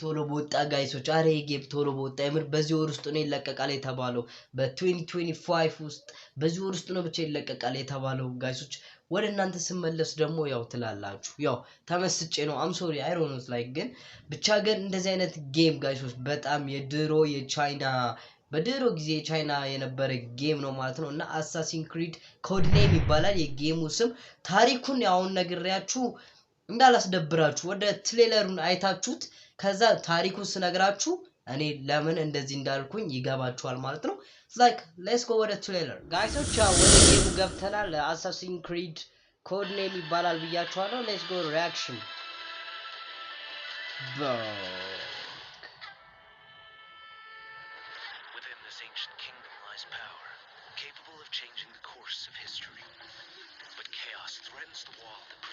ቶሎ በወጣ ጋይሶች፣ አረ የጌብ ቶሎ በወጣ የምር በዚህ ወር ውስጥ ነው ይለቀቃል የተባለው በ2025 ውስጥ በዚህ ወር ውስጥ ነው ብቻ ይለቀቃል የተባለው ጋይሶች። ወደ እናንተ ስመለስ ደግሞ ያው ትላላችሁ ያው ተመስጬ ነው። አምሶሪ አይሮኖት ላይ ግን ብቻ ግን እንደዚህ አይነት ጌም ጋይሶች በጣም የድሮ የቻይና በድሮ ጊዜ የቻይና የነበረ ጌም ነው ማለት ነው እና አሳሲን ክሪድ ኮድኔም ይባላል የጌሙ ስም። ታሪኩን አሁን ነግሬያችሁ እንዳላስደብራችሁ ወደ ትሌለሩን አይታችሁት ከዛ ታሪኩ ስነግራችሁ እኔ ለምን እንደዚህ እንዳልኩኝ ይገባችኋል ማለት ነው። ላይክ ሌትስ ጎ ወደ ትሌለር ጋይሶች፣ ወደ ጌሙ ገብተናል። አሳሲን ክሪድ ኮድ ኔም ይባላል ብያችኋለሁ። ሌትስ ጎ ሪያክሽን Within this ancient kingdom lies power capable of changing the course of history.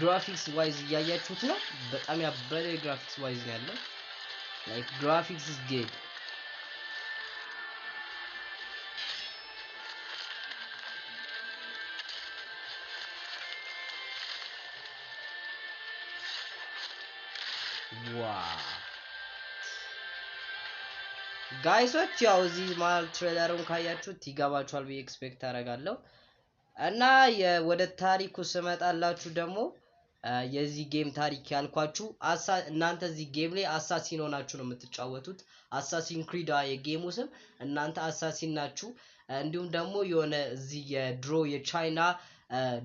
ግራፊክስ ዋይዝ እያያችሁት ነው። በጣም ያበደ የግራፊክስ ዋይዝ ነው ያለው። ላይክ ግራፊክስ ኢዝ ጌድ ጋይሶች ያው እዚህ መሀል ትሬለሩን ካያችሁት ይገባችኋል ብዬ ኤክስፔክት አደርጋለሁ። እና ወደ ታሪኩ ስመጣላችሁ ደግሞ የዚህ ጌም ታሪክ ያልኳችሁ እናንተ እዚህ ጌም ላይ አሳሲን ሆናችሁ ነው የምትጫወቱት። አሳሲን ክሪዳ የጌሙ ስም እናንተ አሳሲን ናችሁ። እንዲሁም ደግሞ የሆነ እዚህ የድሮ የቻይና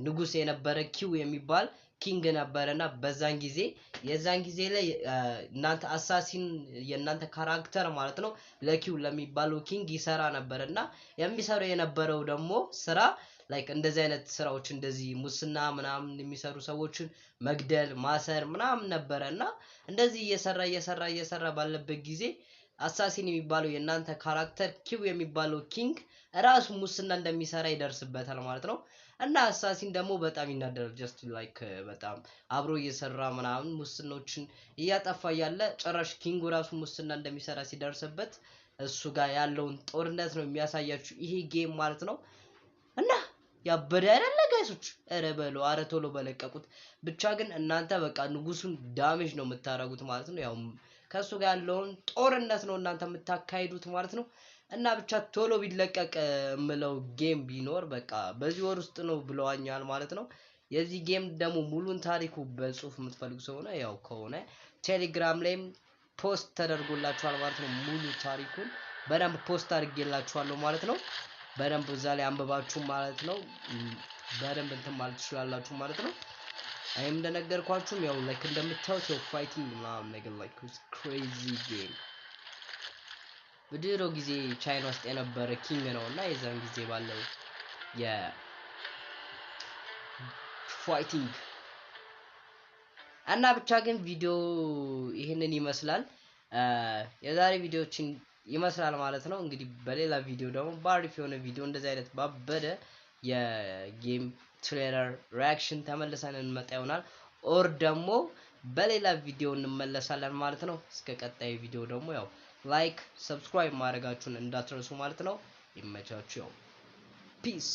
ንጉስ የነበረ ኪው የሚባል ኪንግ ነበረ እና በዛን ጊዜ የዛን ጊዜ ላይ እናንተ አሳሲን የእናንተ ካራክተር ማለት ነው ለኪው ለሚባለው ኪንግ ይሰራ ነበር እና የሚሰራው የነበረው ደግሞ ስራ ላይክ እንደዚህ አይነት ስራዎች እንደዚህ ሙስና ምናምን የሚሰሩ ሰዎችን መግደል ማሰር ምናምን ነበረ እና እንደዚህ እየሰራ እየሰራ እየሰራ ባለበት ጊዜ አሳሲን የሚባለው የእናንተ ካራክተር ኪው የሚባለው ኪንግ ራሱ ሙስና እንደሚሰራ ይደርስበታል ማለት ነው እና አሳሲን ደግሞ በጣም ይናደራል ጀስት ላይክ በጣም አብሮ እየሰራ ምናምን ሙስኖችን እያጠፋ ያለ ጭራሽ ኪንጉ ራሱ ሙስና እንደሚሰራ ሲደርስበት እሱ ጋር ያለውን ጦርነት ነው የሚያሳያችሁ ይሄ ጌም ማለት ነው እና ያበደ አይደለ ጋይሶች? ኧረ በለው ኧረ ቶሎ በለቀቁት። ብቻ ግን እናንተ በቃ ንጉሱን ዳሜጅ ነው የምታደርጉት ማለት ነው። ያው ከእሱ ጋር ያለውን ጦርነት ነው እናንተ የምታካሂዱት ማለት ነው። እና ብቻ ቶሎ ቢለቀቅ የምለው ጌም ቢኖር በቃ በዚህ ወር ውስጥ ነው ብለዋኛል ማለት ነው። የዚህ ጌም ደግሞ ሙሉን ታሪኩ በጽሁፍ የምትፈልጉ ሰሆነ ያው ከሆነ ቴሌግራም ላይም ፖስት ተደርጎላችኋል ማለት ነው። ሙሉ ታሪኩን በደንብ ፖስት አድርጌላችኋለሁ ማለት ነው። በደንብ እዛ ላይ አንብባችሁ ማለት ነው በደንብ እንትን ማለት ትችላላችሁ ማለት ነው። እኔም እንደነገርኳችሁም ያው ላይክ እንደምታዩት ያው ፋይቲንግ ምናምን ነገር ላይክ ኢትስ ክሬዚ ጌም በድሮ ጊዜ ቻይና ውስጥ የነበረ ኪንግ ነው እና የዛን ጊዜ ባለው የፋይቲንግ እና ብቻ ግን ቪዲዮ ይህንን ይመስላል። የዛሬ ቪዲዮችን ይመስላል ማለት ነው። እንግዲህ በሌላ ቪዲዮ ደግሞ በአሪፍ የሆነ ቪዲዮ እንደዚህ አይነት ባበደ የጌም ትሬለር ሪያክሽን ተመልሰን እንመጣ ይሆናል። ኦር ደግሞ በሌላ ቪዲዮ እንመለሳለን ማለት ነው። እስከ ቀጣይ ቪዲዮ ደግሞ ያው ላይክ፣ ሰብስክራይብ ማድረጋችሁን እንዳትረሱ ማለት ነው። ይመቻችሁ። ያው ፒስ